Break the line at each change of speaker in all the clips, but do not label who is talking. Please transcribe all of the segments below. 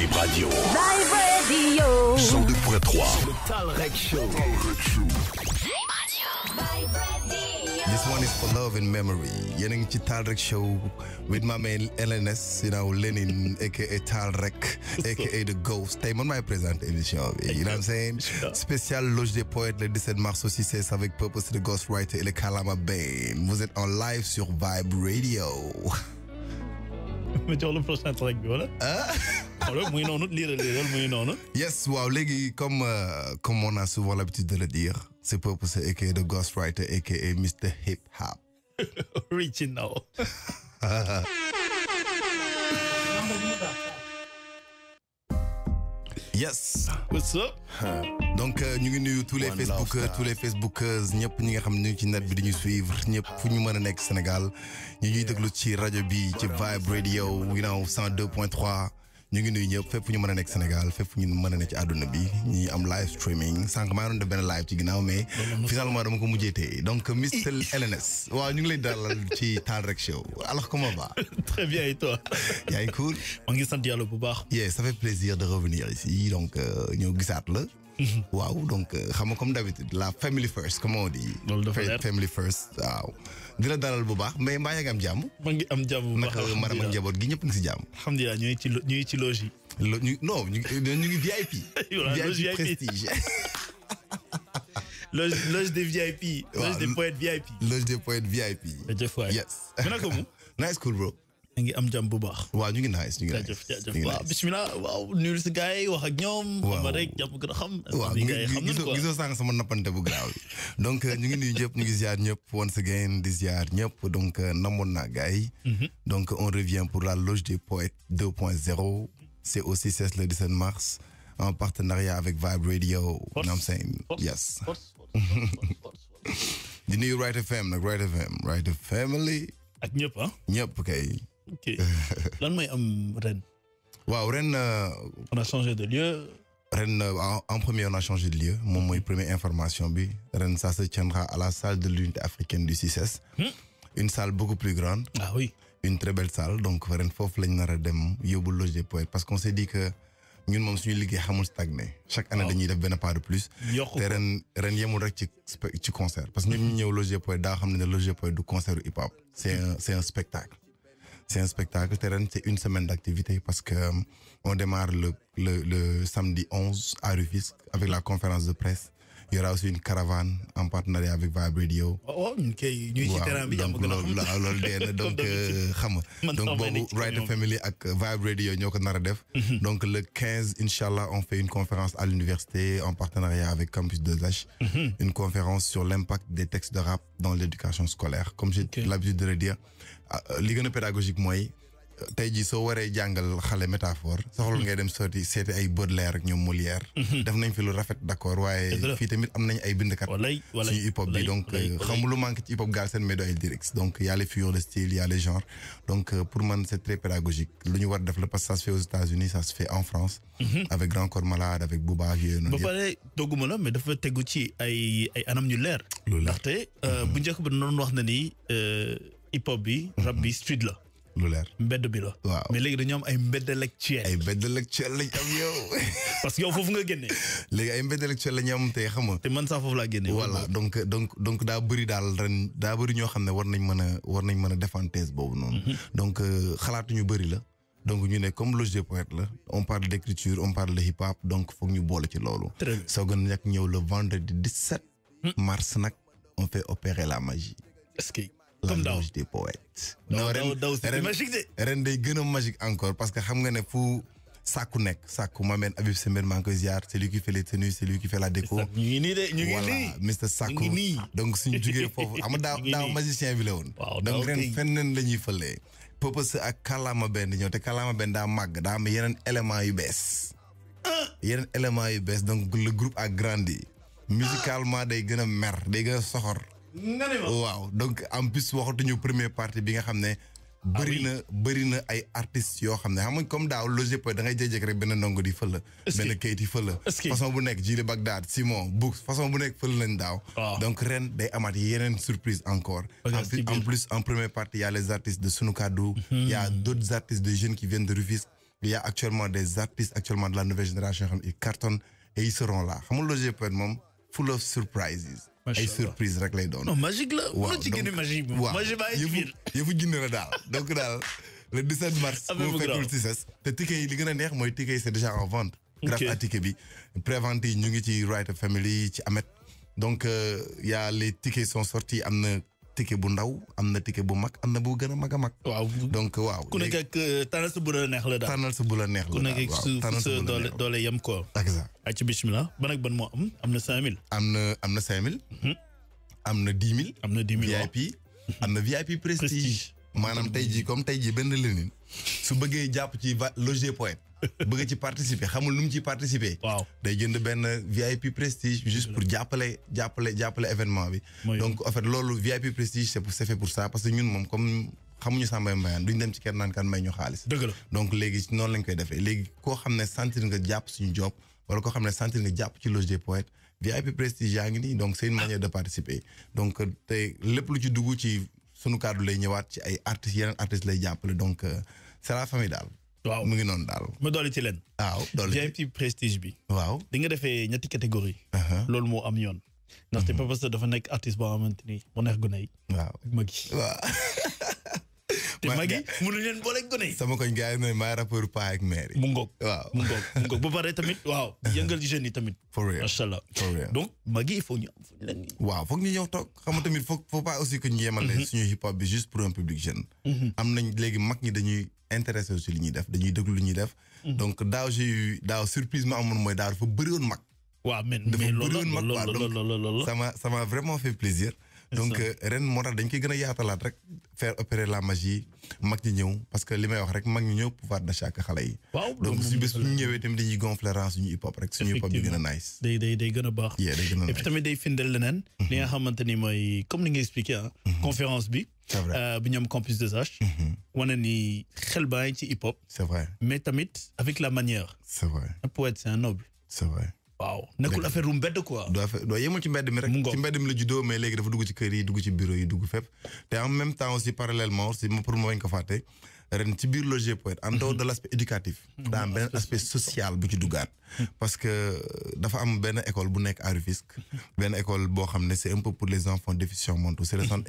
Vibe Radio. Vibe Radio. 102.3. Show.
Show. Vibe Radio. This one is for love and memory. Yéen Talrek ngi Show with my man LNS, you know, Lenin, aka Talrek, aka The Ghost. Tey man my present émission You know what I'm saying? Spécial Loge des Poètes le 17 mars aussi, c'est avec Purpose, The Ghostwriter et le Kalama Bane. Vous êtes en live sur Vibe Radio
ma jox la pourcentage rek bi wala. alors muy noonu lire, lire, lii muy noonu.
yes waaw léegi comme euh, comme on a souvent l'habitude de le dire c'est pour c'est aka the Ghostwriter aka Mr Hip Hop.
original.
yes what's up donc nous, euh, ngi tous les Facebookers, tous les Facebookers nous, ñi nga xam suivre Sénégal nous Vibe Radio know 102.3 ñu ngi nuyu Sénégal fépp ñu ci bi am live streaming sànq maa live mais finalement dama ko donc Mr. LNS nous ñu ngi lay dalal alors comment va très bien et toi yaa ngi cool ça fait plaisir de revenir ici donc euh, ñëw gisaat la waaw donc euh, xam comme d'habitude la family first comment on dit. family first waaw. di la dalal bu baax mais mbaa yaa ngi am jàmm. ma ngi am jàmm bu baax maram ak njaboot gi ñëpp ngi si jàmm. alhamdulilah ñu ngi ci ñu ngi ci loge yi. non ñu ngi VIP. VIP prestige.
loge loge des VIP. waaw loge des poètes VIP. loge des poètes VIP. jërëjëf waay. yes. mu naka mu. nice cool bro ngi am bu nice ñu
donc ñu ngi once again di ziar donc euh, mhm. donc on revient pour la loge des poètes 2.0 c'est aussi cesse le 17 mars en partenariat avec Vibe Radio. force force force force The new Right FM the Right Right Family. ak ñëpp ah ok lan mooy am ren. waaw ren. Euh, on a changé de lieu. ren euh, en premier on a changé de lieu moom mooy premier information bi ren ça se tiendra à la salle de l'unité africaine du CICES. Hmm? une salle beaucoup plus grande. ah oui une très belle salle donc ren Fof, lañ nar a dem yóbbu loger parce qu'on s'est dit que ñun moom suñu liggéey xamul stagné. chaque année ah. dañuy def benn pas de plus. te ren ren yemul rek ci ci concert. parce que ñun ñu loge loger poète daa xam ne ne loger poète du concert hip hop. c'est hmm. c'est un spectacle c'est un spectacle terrain, c'est une semaine d'activité parce que euh, on démarre le, le samedi 11 à Rufisque avec la conférence de presse il y aura aussi une caravane en partenariat avec Vibe Radio. Oh, oh ok. Donc, donc Family avec Vibe Radio, mhm. Donc, le 15, Inch'Allah, on fait une conférence à l'université en partenariat avec Campus 2H. Mhm. Une conférence sur l'impact des textes de rap dans l'éducation scolaire. Comme j'ai l'habitude de le dire, ah, euh, pédagogique, moi, tey jii soo waree jàngal métaphore soxla ngay dem sotti seeti ay Baudelaire ak ñom Molière mhm. def nañ fi lu rafet d'accord waye fi tamit am nañ ay bindkat ci hip hop bi donc euh, xam lu manque ci hip hop Galsen mais du ay direct, donc y a les figures de style y a les genres donc euh, pour man c'est très pédagogique lu ñu war def le parce que ça se fait aux États-Unis ça se fait en France mhm. avec Grand Corps Malade avec Booba ak yooyu ba pare
doguma la mais dafa tegu ci ay ay anam ñu leer ndaxte euh, mhm. bu njëkk bu non wax na ni hip hop bi rap bi street la lu leer mbedd bi la. waaw mais léegi dañoo am ay
mbedd lecture. ay mbedd lecture lañ am yow. parce que yow foofu nga génne. léegi ay mbedd lecture lañ am tey xam nga. te man sax foofu laa génne. voilà donc donc donc daa bëri daal ren daa bëri ñoo xam ne war nañ mën a war nañ mën a défendre thèse boobu noonu. Mhm. donc euh, xalaatuñu bëri la. donc ñu ne comme loge de poète la on parle d' écriture on parle de hip hop donc foog ñu boole ci loolu. très soo gën nag ñëw le vendredi 17. Hmm. mars nag on fait opérer la magie. est comme des poètes. non ren ren day gëna magique encore parce que xam nga ne fou sakou nek sakou ma abib Habib Sembène maa ziar c'est lui qui fait les tenues c'est lui qui fait la déco. ñu ni de voilà Mr donc suñu jugee fofu am da daaw magicien bi la woon. donc ren feneen la ñuy Purpose ak kalama benn ñëw té kalama benn da mag da am yeneen éléments yu bees. Ah! yeneen élément yu bees donc le groupe a grandi. Ah! musicalement day gëna mer day gëna soxor nga waaw donc en plus waxatuñu première partie bi nga xam ne. Ah bëri na bëri na ay artistes yoo xam ne xam comme daaw logique da ngay jéjek rek benn ndongo di fël mais benn kayit yi fël la. façon bu nekk Jili Bagdad Simon Books façon bu nekk fël lañ daaw. Ah. donc ren day amaat yeneen surprise encore. en plus en première partie il y a les artistes de Sunu Il mhm. y a d'autres artistes de jeunes qui viennent de Rufis il y a actuellement des artistes actuellement de la nouvelle génération xam ils cartonnent et ils seront là xam nga logique moom full of surprises. ay surprise rek lay doon. non magique la. waaw donc ci magique bi. waaw yëfu yëfu jinne la daal donc daal le 17 mars. affaire ah, bu fekkul si ses te ticket yi li gën a neex mooy ticket yi c'est déjà en vente. grâce à ticket bi prévente ñu ngi ci Right Family ci Amet donc il euh, y a les tickets sont sortis am na. ticket bu ndaw am na ticket bu mag am na bu gën a mag a mag. waaw donc waaw. ku
nekk ak euh, tànnal sa bu la neex la daal tànnal sa bu la neex la su doole doole ko. exact ci bismillah ban ban moo
am am 5000. am na 5000. am na 10 000. VIP. amna VIP prestige. Mana tey jii comme tey su bëggee jàpp ci va loger point bëgg ci participer xamul nu mu ciy participer. waaw day jënd benn VIP prestige juste pour jàppale jàppale jàppale événement bi. donc en fait loolu VIP prestige c'est pour c'est fait pour ça parce que ñun moom comme xamuñu sa mbay mbayaan duñ dem ci kenn naan kan may ñu xaalis. dëgg la donc léegi noonu lañ koy defee léegi koo xam ne sentir nga jàpp suñu job wala koo xam ne sentir nga jàpp ci loge des VIP prestige yaa ngi nii donc c'est une ah. manière de participer donc tey lépp lu ci dugg ci. sunu kàddu lay ñëwaat ci ay artistes yeneen artistes lay jàppale donc euh, c'est la famille daal. waaw mu ngi noonu daal. ma dolli ci leen. waaw dolli ci prestige bi. waaw di nga defee ñetti catégorie
uh-huh. loolu moo am yoon. ndaxte mm-hmm. Papa Sow dafa nekk artiste boo xamante ni mu neex gune yi. waaw ak mag yi.
te magi mënu leen bolé gone sama koñ gars yi ma maa rappeur pa ak maire mu ngoog waaw mu ngoog mu ngoog ba pare tamit waaw yëngal jeunes yi tamit for real macha allah donc magi il faut ñu waaw foog ñu ñëw tok xam tamit foog faut pas aussi que ñu lé mhm. suñu hip hop bi juste pour un public jeune mhm. am nañ léegi mag ñi dañuy intéressé aussi li ñuy def dañuy déglu li ñuy def mhm. donc daaw j'ai eu daaw surprise ma amone moy daaw dafa bëri won mag waaw mais mais loolu loolu loolu loolu sama ça m'a vraiment fait plaisir donc euh, ren moo tax dañ koy gëna a rek faire opérer la magie mag ñi ñëw parce que limay wax rek mag ñi ñëw pouvoir d'achat xalé yi. donc suñu bis bu ñu ñëwee tamit dañuy gonfler suñu hip hop rek suñu hip hop bi gën nice. day day day
gëna bax et puis tamit day findel lenen mhm. li nga xamanteni moy comme ni nga expliquer hein, mhm. conférence bi. c'est vrai euh, bi ñoom campus de h mhm. wane ni xel baa ci hip hop. c'est vrai mais tamit avec la manière. c'est vrai un poète c'est un noble. c'est vrai waaw nekkul affaire
quoi. affaire ci mi rek. ci mais dafa dugg ci en même temps aussi parallèlement aussi pour ko ren ci en dehors de l'aspect éducatif. dans mhm. ben social bu ci mhm. parce que dafa am école bu à Rufisque. Mhm. école un peu pour les enfants déficients mentaux euh,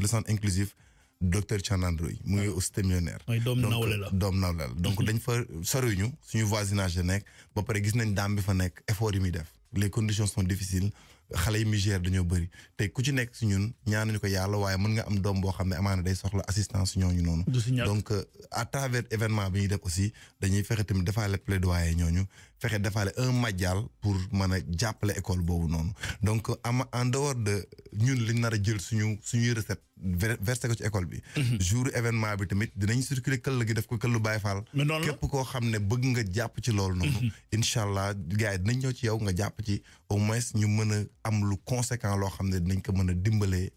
le centre inclusif. docteur Chandrandoy mu ngi ah. stémionnaire doom nawle la doom donc mhm. dañ fa soriñu suñu voisinage la nekk ba pare gis nañ daam bi fa nekk effort yi muy def les conditions sont difficiles xale yi muy gérer dañoo bëri te ku ci nekk si ñun ñaanuñu ko yàlla waaye mën nga am doom boo xam ne amaana day soxla assistance ñooñu noonu donc euh, à travers événement bi ñu def aussi dañuy fexe tamit defaale waaye ñooñu fexe defaale un madial pour mën a jàppale école boobu noonu donc am en dehors de ñun li nar a jël suñu suñuy recette versé ko ci école bi mhm. jour événement bi tamit dinañ circuler këll gi def ko këllu Baay Faal képp koo xam ne bëgg nga jàpp ci loolu noonu mhm. incha allah gars dinañ ñëw ci yow nga jàpp ci au moins ñu mën a am lu conséquent loo xam ne dinañ ko mën a dimbalee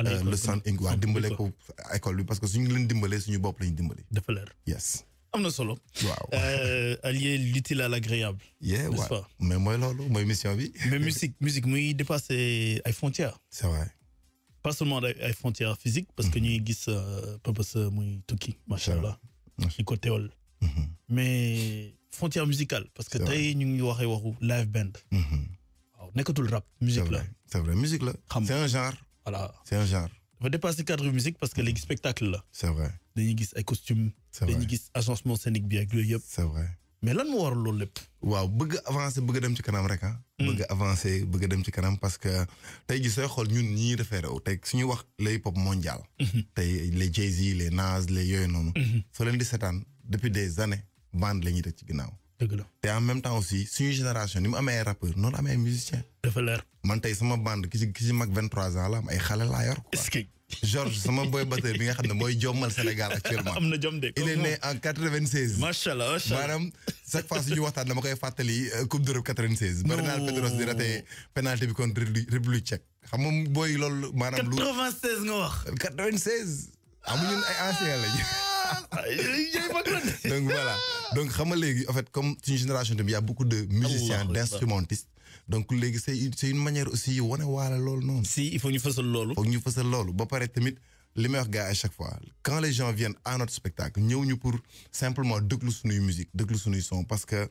euh, le centre inc waa dimbale ko école bi parce que suñu leen dimbalee suñu bopp lañu dimbale dafa leer yes am solo. waaw
euh, allier l'utile à l'agréable.
mais moi lolo moi mission bi.
mais musique musique elle dépasse les frontières. c'est vrai. pas seulement les frontières physiques. parce que ni mm-hmm. gis euh, Pampas muy qui macha machallah ñu côté teewal. Mm-hmm. mais frontières musicales, parce que tay ñu ngi waxee waxu live band. Mm-hmm. tout le rap. musique là. c'est vrai musique la. c'est un genre. voilà c'est un genre dafa dépasser cadre musique parce que léegi spectacle la. c'est vrai dañuy gis ay costume dañuy gis agencement
scénique bien avec le yëpp. c'est vrai mais lan moo war le lépp. waaw bëgg avancer bëgg a dem ci kanam rek hein. bëgg avancer bëgg a dem ci kanam parce que tey jii sooy xool ñun ñii référé wu tey suñu wax le hip hop mondial. Hmm. tey les Jay-Z les Nas les yooyu noonu. Hmm. soo leen di seetaan depuis des années bande la ñuy def ci ginnaaw dëgg la te en même temps aussi une génération ni mu amee ay rappeurs noonu amee musiciens. man tay sama bande ki ci ki ci mag 23 ans la am ay xalé la yor. est-ce que Georges sama boy batteur bi nga xam moy mooy jommal Sénégal actuellement. amna na jom de il est né en 96. machallah allah macha chaque fois suñu waxtaan dama koy fatali Coupe d'Europe 96. Bernard Pedros di raté penalty bi contre République tchèque. xam nga booy loolu maanaam. 96 nga wax. 96. amu amuñu ay anciens la donc voilà donc xam nga en fait comme suñu génération tamit y a beaucoup de musiciens d'instrumentistes donc c'est une c'est une manière aussi wane waala loolu noonu. si il faut ñu fësal loolu. faut ñu fësal loolu ba pare tamit li may wax gars à chaque fois quand les gens viennent à notre spectacle ñëw ñu pour simplement déglu suñuy musique déglu suñuy son parce que.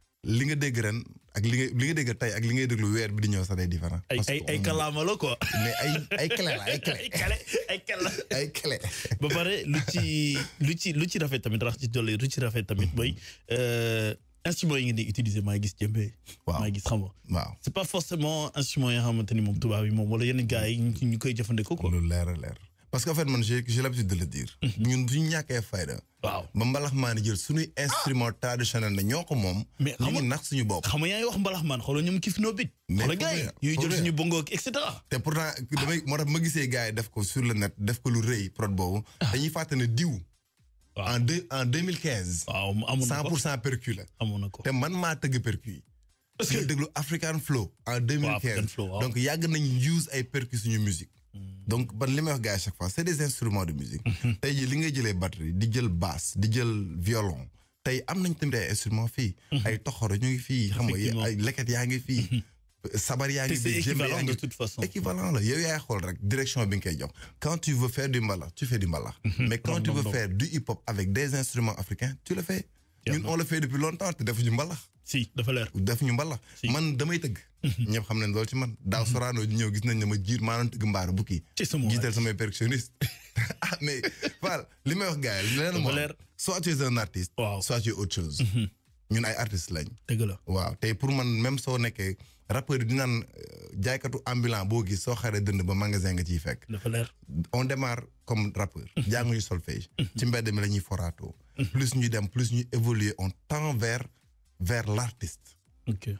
li nga dégg ren ak li nga li nga dégg tey ak li ngay déglu weer bi di ñëw sax day différent.
ay ay ay kalaama la quoi.
mais ay ay clé la
ay clé. ay clé ay clé ba pare lu ci lu ci lu ci rafet tamit rax ci dolli lu ci rafet tamit mooy mhm. euh, instruments yi ngeen di utiliser maa gis jëmbe. waaw gis xam nga. c'est pas
forcément instruments yoo xamante ni moom tubaab yi moom wala yenn gars yi ñu koy jëfandikoo quoi. lu leer a parce que en fait man j'ai j'ai l'habitude de le dire. Mhm. ñun bu ñu ñàkkee fayda. waaw ba mbalax maan jël suñuy instrument traditionnel na ñoo ko moom. mais xam nax suñu bopp. xam nga yaa ngi wax mbalax maan xoolal ñoom kif noo bit. mais xoolal et cetera. moo tax ma gisee gars yi def ko su le net def ko lu rëy prod boobu. Ah. dañuy fàtte ne diw. en deux en deux mille quinze. waaw amoon na ko cent percu la. na ko te man maa tëgg percu yi. parce que déglu African Flow. en deux mille quinze donc yàgg nañ use ay percu suñu musique donc ban limay wax gars à chaque fois c'est des instruments de musique. Mhm. tay jii li ngay jëlee batterie di jël basse di jël violon. tay am nañ tamit ay instruments fi mhm. ay toxoro ñu ngi fii. xam nga ay leket ya ngi fi mhm. sabar ya ngi fi jëmbe de toute
façon. équivalent la yow
yaay xol rek direction bi nga koy jox. quand tu veux faire du mbalax tu fais du mbalax. mais quand tu veux faire du hip hop avec des instruments africains tu le fais. ñun on le fait depuis longtemps te defuñu mbalax. si dafa leer defuñu mbalax. man damay tëgg. Mhm. ñëpp xam nañ loolu ci man. daaw mhm. Sorano ñëw gis nañ ne ma jiir maa doon tëgg mbaaru bukki. ci sama jiital samay percussionniste. Ah, mais Fall li may wax gars yi leneen moo soit tu es un mhm. ñun ay artistes lañ. dëgg la waaw tey pour man même soo nekkee rappeur yi di naan euh, jaaykatu ambulant boo gis soo xaree dënd ba magasin nga ciy fekk. dafa leer on démarre comme rappeur. jànguñu solfège. ci mbedd mi la ñuy foraatoo. plus nous dem plus nous évoluer on tend vers vers l'artiste.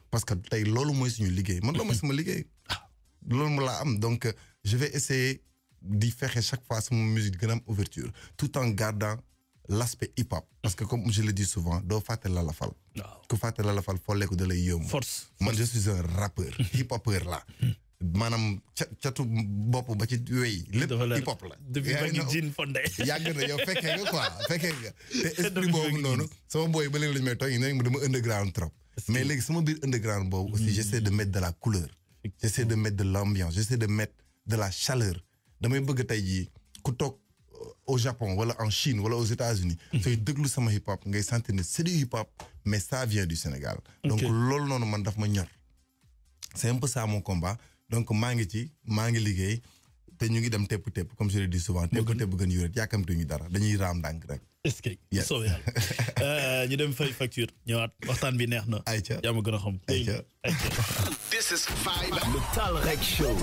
parce que tey loolu mooy suñu liggéey man loolu mooy sama liggéey. Ah. loolu mu laa am donc euh, je vais essayer d'y faire chaque fois mon musique gën grande ouverture tout en gardant l'aspect hip hop. parce que comme je le dis souvent doo fàtte la la fal. ku fàtte la la fal faut lekk da lay yomb. force Moi je suis un rappeur. hip hopeur là. Hmm manam ca bop ba ci wey lepp hip hop la depuis ba ngi jin
fonde. yàgg na yow fekkee nga quoi
fekkee nga. te esprit boobu noonu. sama boy ba léegi lañ may toy ne dama underground trop. mais leg sama bir underground boobu. aussi hmm. j'essaie de mettre de la couleur. j'essaie de mettre de l'ambiance j'essaie de mettre de la chaleur. damay bëgg tay ji ku tok euh, au Japon wala en Chine wala aux États-Unis c'est hmm. deglu sama hip hop ngay sentir ne c'est du hip hop mais ça vient du Sénégal. donc lol nonu man daf ma ñor. c'est un peu ça mon combat donc mangi, ci mangi liggéey te ñu ngi dem comme je le dis souvent. tepp vous mhm. gën yuret ñu dara dañuy ram rek.
ce que vous euh, ñu dem fay facture bi This is Five Le Tal Show.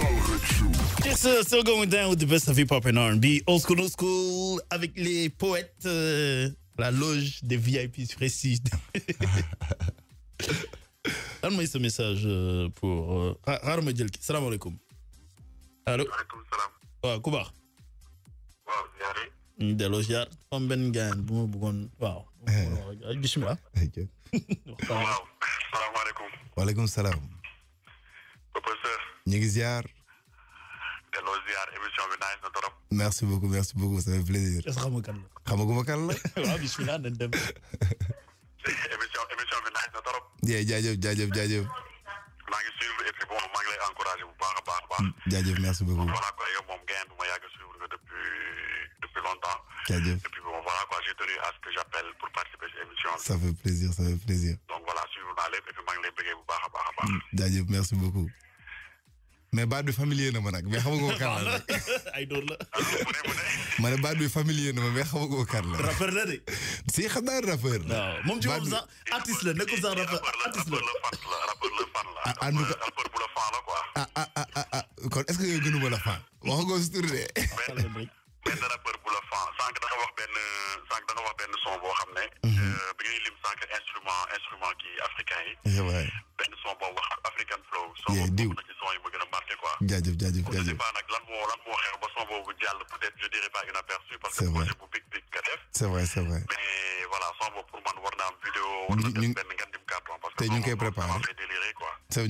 This is still going down with the best of hip hop and R&B. Old school, old school, avec les poètes, euh, la loge des VIP sur lan ce message euh, pour xaaral ma jël Salam salaamaaleykum allo waaleykum salaam Wa ku baax waaw ziare ñu delloo ziar am benn gaan bu ma bëggoon waaw bismillah
Wa salaamaaleykum salam. Mm, ben eh. hein. salaam professeur ñu ngi ziar delloo ziar émission bi nice na trop merci beaucoup merci beaucoup ça fait plaisir est-ce que xam nga kan la xam nga kan la waaw bismillah dañ dem jaajëf jaajëf jaajëf. maa ngi suivre et puis bon maa ngi lay encouragé bu baax a baax a baax. jaajëf merci beaucoup. voilà quoi yow moom ngeen bu ma yàgg suivre nga
depuis depuis longtemps. jaajëf et puis bon voilà quoi j'ai tenu à ce que j'appelle pour participer si émission ça
fait plaisir ça fait plaisir. donc voilà suivre naa lépp et puis maa ngi lay bëggee bu baax a baax a baax. jaajëf mm, merci beaucoup. mais baat bi familier na ma nag mais xamagoo kan la
ay dóor la. Ah,
ma ne baat bi familier na ma mais xamagoo kan la. rappeur la de. si xam naa rappeur la. waaw moom ci moom sax artiste la nekkul sax rappeur artiste la rappeur la fan la rappeur ah, bu la fan la quoi. Ah ah, ah ah ah kon est-ce que yow gënuma la fan. wax nga ko sutur de.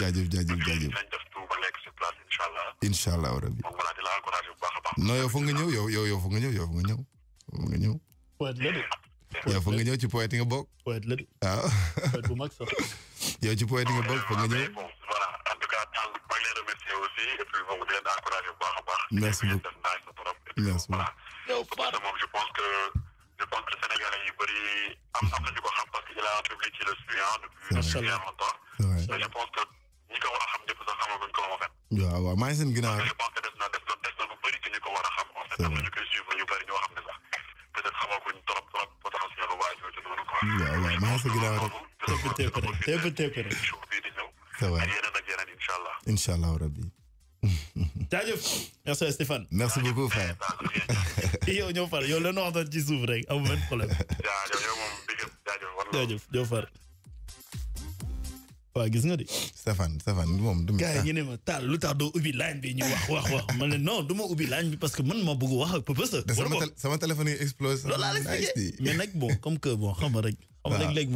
jaajëf jaajëf jaajëf dinañ def tout ba nekk sur place incha allah. incha allah rabi. moom voilà di la encouragé bu baax a baax. non yow foog nga ñëw yow yow yow foog nga ñëw yow foog nga ñëw. foog nga ñëw. poète la de. yow foog nga ñëw ci poète nga bokk. poète la de. waaw. Ah. poète bu mag sax. yow ci poète nga bokk foog nga ñëw. voilà en tout
cas daal maa ngi leen remercier aussi et puis moom di leen encouragé bu baax a baax. merci beaucoup merci beaucoup. yow Fatou moom je pense que je pense que Sénégalais yu bëri am am nañu ko xam parce que il a publié ci le depuis. macha allah depuis bien longtemps. je pense que
ko en fait. waaw waaw maa ngi seen ginnaaw je pense que des na des na des na lu bëri ci ñu ko war a xam. en fait am na ñu koy suivre ñu bëri ñoo xam ne sax peut être xamoo ko ñu trop trop potentiel waa ñoo ci noonu quoi. waaw waaw maa ngi seen ginnaaw rek.
tepp tepp tepp rek bii di
ñëw. ça va ak yeneen ak yeneen incha allah. incha allah rabbi.
jaajëf merci Stéphane. merci beaucoup frère. yow ñoo far yow la ñu waxtaan ci suuf rek amul benn problème. jaajëf yow moom dégg nga jaajëf. jaajëf ñoo
far. waaw gis nga de. C'est safaan c'est gars
line bi non du ubi line parce que man ma bëgg wax ak téléphone explose. Non, mais c'est bon comme que bon on est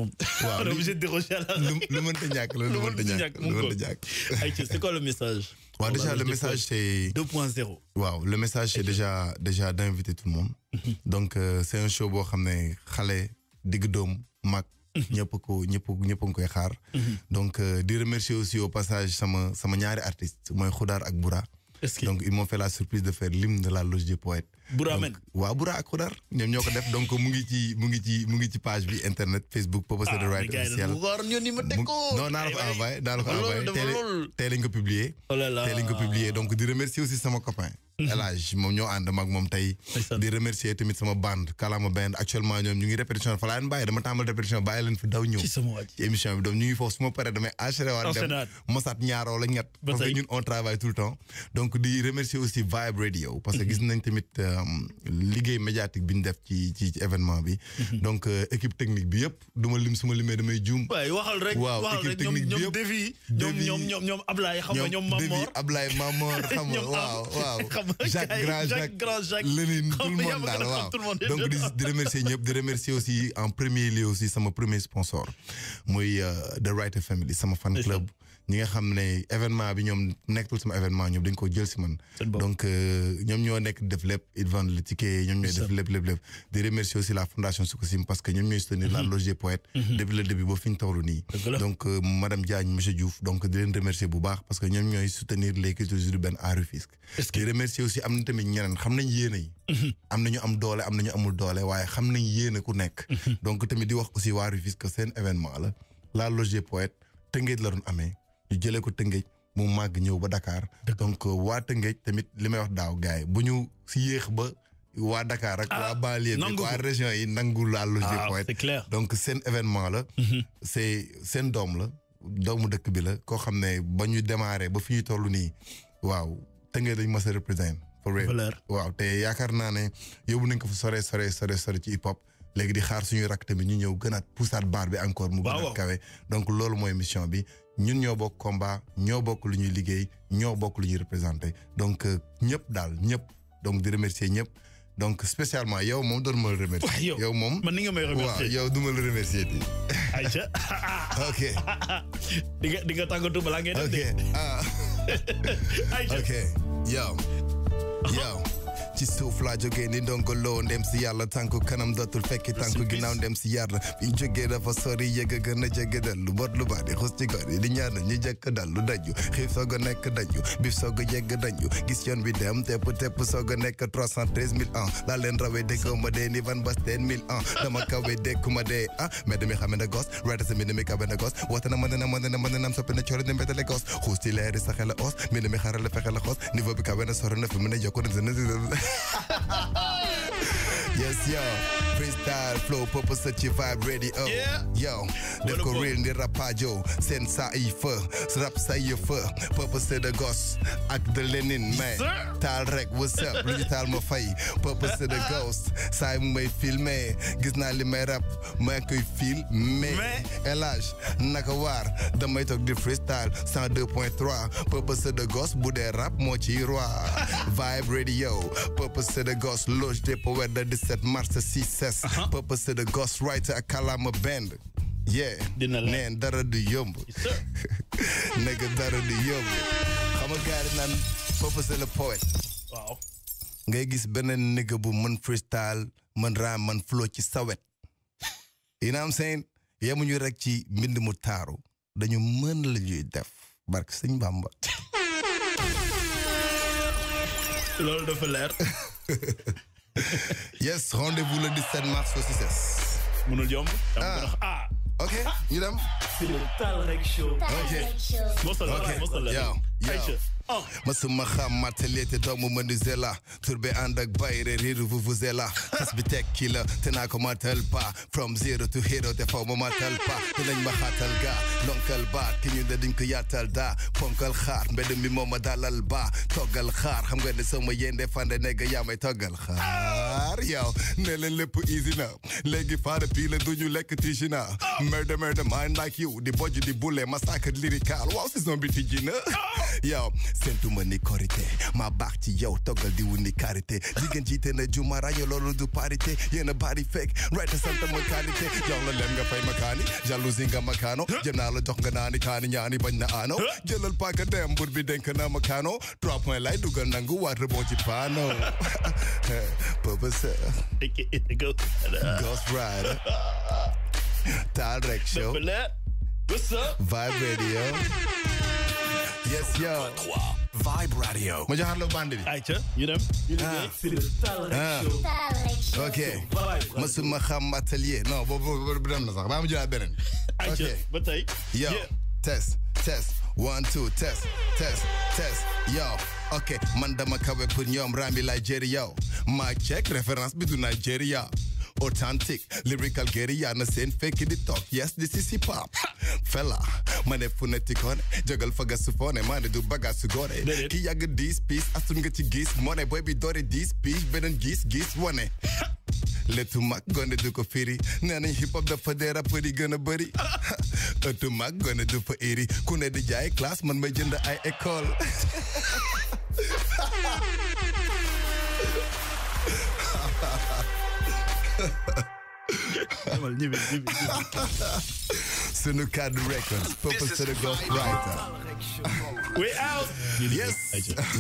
obligé de déroger à la. Le c'est quoi le message. déjà le message c'est. 2.0. waaw le message c'est déjà déjà d'inviter tout le monde. donc euh, c'est un show pour xam digg ñëpp ko ñëpp ñëpp a ngi koy xaar. Mm-hmm. donc euh, di remercier aussi au passage sama sama ñaari artistes mooy Xudaar ak Bura. donc ils m'ont fait la surprise de faire l'hymne de la loge des poètes. Boura men waaw Boura ak Xudar ñoom ñoo ko def donc mu ngi ci mu ngi ci mu ngi ci page bi internet Facebook. Papa Cédé ah, Right officiel
non naa la ko envoyé
naa la ko envoyé tey lañ ko publier oh tey lañ ko donc di remercier aussi sama copain. Mhm. El Hadj moom ñoo ànd mag moom tey. di remercier tamit sama band Kalama Band actuellement ñoom ñu ngi répétition fala laa leen bàyyi dama tàmbali répétition bàyyi leen fi daw ñëw. ci sama wàcc émission bi donc ñu ngi foofu su ma paree damay enchaîner waat dem mosaat ñaaroo la ñett. parce que ñun on travaille tout le temps donc di remercier aussi Vibe Radio parce que mhm. gis nañ tamit euh, liggéey médiatique bi ñu def ci ci événement bi. Mhm. donc euh, équipe technique bi yëpp du ma lim suma limé damay juum. waay waxal rek waxal équipe technique bi Dévi.
ñom ñom ñom ñom
Ablaye xam nga ñom Mamor Dévi Ablaye Mamor xam nga waaw waaw. Jacques Grand Jacques lenin tout le monde daal waaw donc di di remercier ñëpp di remercier aussi en premier lieu aussi sama premier sponsor muy euh, The Writer Family sama fan club ñi nga xam ne événement bi ñoom nekkatul sama événement ñoom dañ ko jël si man. donc euh, ñoom ñoo nekk def lépp it vendent le ticket ñoom ñooy def lépp lépp lépp. di remercier aussi la fondation Sococim parce que ñoom ñooy soutenir la mm-hmm. loge des poètes. Mm-hmm. depuis le début ba fiñ ñu toll nii. donc euh, madame Diagne monsieur Diouf donc di leen remercier bu baax parce que ñoom ñooy soutenir les cultures urbaines à Rufisque. di remercier aussi am na tamit ñeneen xam nañ yéene yi. Mm-hmm. am na ñu am doole am na ñu amul doole waaye xam nañ yéene ku nekk. donc tamit di wax aussi waa Rufisque seen événement la la loge des poètes tëngeet la doon amee ñu jëlee ko Tëngéej mu mag ñëw ba Dakar. donc euh, waa Tëngéej tamit limay wax daaw gars buñu si yéex ba. wa Dakar ak ah, wa banlieue bi wa région yi nangul la Lodj Point ah, donc sen événement la mhm. c'est sen dom la doomu dëkk bi la ko xamné bañu démarrer ba fiñu ñu ni nii waaw tëngee dañ mas a représenté waaw te yaakar naa ne yóbbu nañ ko fu sore sore sore sore ci hip hop léegi di xaar suñuy rak tamit ñu ñëw gënaat poussaat baar bi encore mu gën a kawe donc loolu mooy mission bi ñun ñoo bokk combat ñoo bokk lu ñuy liggéey ñoo bokk lu ñuy représenté donc euh, ñëpp daal ñëpp donc di remercier ñëpp donc spécialement yow moom doon ma la remercier yow moom man ni nga may remercier waaw yow du ma la remercier di Aïcha ok di nga di nga tàggatu balaa ngeen dem de ah. Aïcha ok yow yow ci suuf laa jógee ni ndongo loo ndem si yàlla tànku kanam dootul fekki tànku ginnaaw ndem si yàlla bi jógee dafa sori yëga gën a jege dal lu bot lu xus ci gor yi di jëkk xiif soog a nekk soog a yegg gis yoon bi dem tepp tepp soog a nekk ans laa leen rawee ma dee ni van ans dama ma dee ah mais dami na gos sa mi mi na gos na na am coori mbetale gos xuus leeri os mi mi xos niveau bi na na fi mu ne yokku na ハハハハ Yes, yo. Freestyle flow, purpose set your vibe ready up. Yeah. Yo, the ko ni rapajo, sen sa ifa, rap sa ifa, purpose the ghost, ak the Lenin man. Tal rek, what's up? Really tal ma fay, purpose the ghost, say mu may me. gis na li may rap, ma koy filmer. Elage, naka war, damay talk di freestyle 102.3, purpose the ghost bu de rap mo ci vibe radio, purpose the ghost, loge de poètes de set master C6 uh -huh. Purpose to the ghostwriter akala my band Yeah Nen dara du yombo Nigga dara du yumbo. I'm a guy that Purpose the poet Wow. ngay gis beneen nigga bu man freestyle man rhyme, man flow ci sawet you know what I'm saying yemuñu rek ci mbind mu taaru dañu mën la ñuy def barke sëñ Bamba loolu dafa leer yes rendez-vous le 17 mars au CICES. mënul yomb. ah ok ñu c'est le Show. ok mosal la Masu Mahama talete don mu manuzela Turbe andak bayre riru vuvuzela Tasbitekila tana ko pa From zero to hero te pa mu ma Tilang mahatalga Lonkal ba kinyu da dinku yatal da Ponkal khar mbedum mi moma dalal ba Togal xaar xam nga ne sama yende fande nega may togal xaar Yow ne leen lépp easy na Léegi faara pile duñu lekk tishi na Murder murder mind like you Di boju di bule massacre lyrical Wow saison bi tijji na Yow sentuma ni korité ma baax ci yow toggal di wuni karité jigéen jiite na juma rajo loolu du parité yéen a bari fekk right gonna mooy qualité jox la lem nga fay makaani jalousie nga makaano jëm naa la jox nga naani kaani ñaani bañ na aano jëlal paaka dem bur bi denk na makaano trois points lay dugal nangu war reboo ci paano Papa Sir Ghost Rider Tal Show
What's up? Vibe Radio yes yo.
Vibe Radio. ma joxaarloo bande bi. ayca ñu dem. ñu Ah, si le Talk Show. ok. masuma xam atelier non boobu bu dem na sax baa ma jëlaat beneen. ayca ba tey. yo test test one two test test test yo. ok man dama kawe pour ñoom Nigeria My check référence bi Nigeria authentic, lyrical gary and a saint fake in the talk. Yes, this is hip hop. Fella, Man, mane funeticon, juggle fagasufone, mane do bagasugore. he yaga this piece, asunga ti gis, money baby dore this piece, better gis gis one. Eh? Let Letu mak gonna do kofiri, nana hip hop da fadera puri gonna buddy. Letu mak gonna do for iri, kune de jai class man me jenda I ecole. Ha ha ha! Sunuka
Records, Purpose to the Ghostwriter. we out! Yes!